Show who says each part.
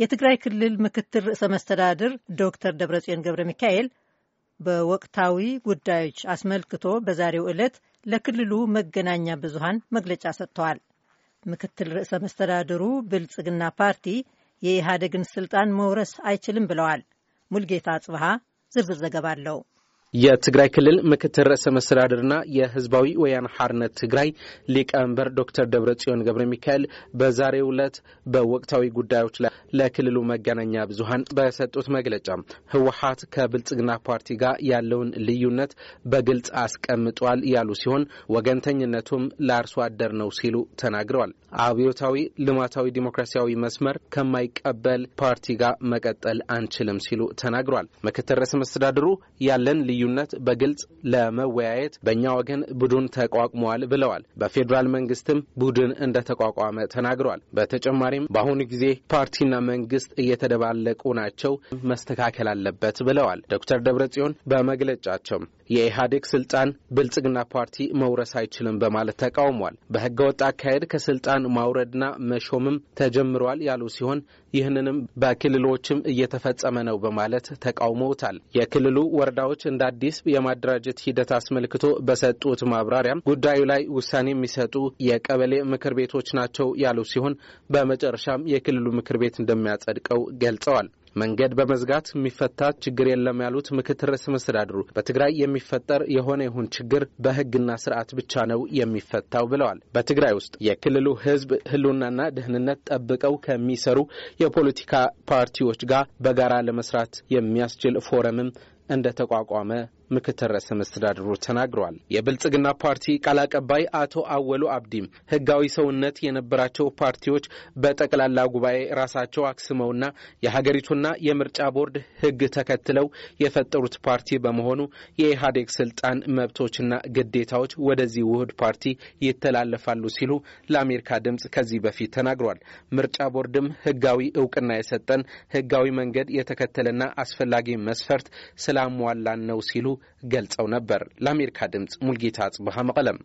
Speaker 1: የትግራይ ክልል ምክትል ርዕሰ መስተዳድር ዶክተር ደብረጽዮን ገብረ ሚካኤል በወቅታዊ ጉዳዮች አስመልክቶ በዛሬው ዕለት ለክልሉ መገናኛ ብዙሃን መግለጫ ሰጥተዋል። ምክትል ርዕሰ መስተዳድሩ ብልጽግና ፓርቲ የኢህአደግን ስልጣን መውረስ አይችልም ብለዋል። ሙልጌታ ጽብሃ ዝርዝር ዘገባ አለው።
Speaker 2: የትግራይ ክልል ምክትል ርዕሰ መስተዳድርና የህዝባዊ ወያን ሓርነት ትግራይ ሊቀመንበር ዶክተር ደብረ ጽዮን ገብረ ሚካኤል በዛሬው ዕለት በወቅታዊ ጉዳዮች ላይ ለክልሉ መገናኛ ብዙሀን በሰጡት መግለጫ ህወሀት ከብልጽግና ፓርቲ ጋር ያለውን ልዩነት በግልጽ አስቀምጧል ያሉ ሲሆን ወገንተኝነቱም ለአርሶ አደር ነው ሲሉ ተናግረዋል። አብዮታዊ ልማታዊ ዲሞክራሲያዊ መስመር ከማይቀበል ፓርቲ ጋር መቀጠል አንችልም ሲሉ ተናግረዋል። ምክትል ርዕሰ መስተዳድሩ ያለን ልዩነት በግልጽ ለመወያየት በእኛ ወገን ቡድን ተቋቁመዋል ብለዋል። በፌዴራል መንግስትም ቡድን እንደተቋቋመ ተናግረዋል። በተጨማሪም በአሁኑ ጊዜ ፓርቲና መንግስት እየተደባለቁ ናቸው፣ መስተካከል አለበት ብለዋል። ዶክተር ደብረጽዮን በመግለጫቸው የኢህአዴግ ስልጣን ብልጽግና ፓርቲ መውረስ አይችልም በማለት ተቃውሟል። በህገወጥ አካሄድ ከስልጣን ማውረድና መሾምም ተጀምረዋል ያሉ ሲሆን ይህንንም በክልሎችም እየተፈጸመ ነው በማለት ተቃውመውታል። የክልሉ ወረዳዎች እንዳ አዲስ የማደራጀት ሂደት አስመልክቶ በሰጡት ማብራሪያም ጉዳዩ ላይ ውሳኔ የሚሰጡ የቀበሌ ምክር ቤቶች ናቸው ያሉ ሲሆን በመጨረሻም የክልሉ ምክር ቤት እንደሚያጸድቀው ገልጸዋል። መንገድ በመዝጋት የሚፈታ ችግር የለም ያሉት ምክትል ርዕሰ መስተዳድሩ በትግራይ የሚፈጠር የሆነ ይሁን ችግር በሕግና ስርዓት ብቻ ነው የሚፈታው ብለዋል። በትግራይ ውስጥ የክልሉ ሕዝብ ሕልውናና ደህንነት ጠብቀው ከሚሰሩ የፖለቲካ ፓርቲዎች ጋር በጋራ ለመስራት የሚያስችል ፎረምም እንደተቋቋመ ምክትል ርዕሰ መስተዳድሩ ተናግረዋል። የብልጽግና ፓርቲ ቃል አቀባይ አቶ አወሉ አብዲም ህጋዊ ሰውነት የነበራቸው ፓርቲዎች በጠቅላላ ጉባኤ ራሳቸው አክስመውና የሀገሪቱና የምርጫ ቦርድ ህግ ተከትለው የፈጠሩት ፓርቲ በመሆኑ የኢህአዴግ ስልጣን መብቶችና ግዴታዎች ወደዚህ ውህድ ፓርቲ ይተላለፋሉ ሲሉ ለአሜሪካ ድምፅ ከዚህ በፊት ተናግሯል። ምርጫ ቦርድም ህጋዊ እውቅና የሰጠን ህጋዊ መንገድ የተከተለና አስፈላጊ መስፈርት ስላሟላን ነው ሲሉ ገልጸው ነበር። ለአሜሪካ ድምፅ ሙልጌታ ጽበሃ መቀለም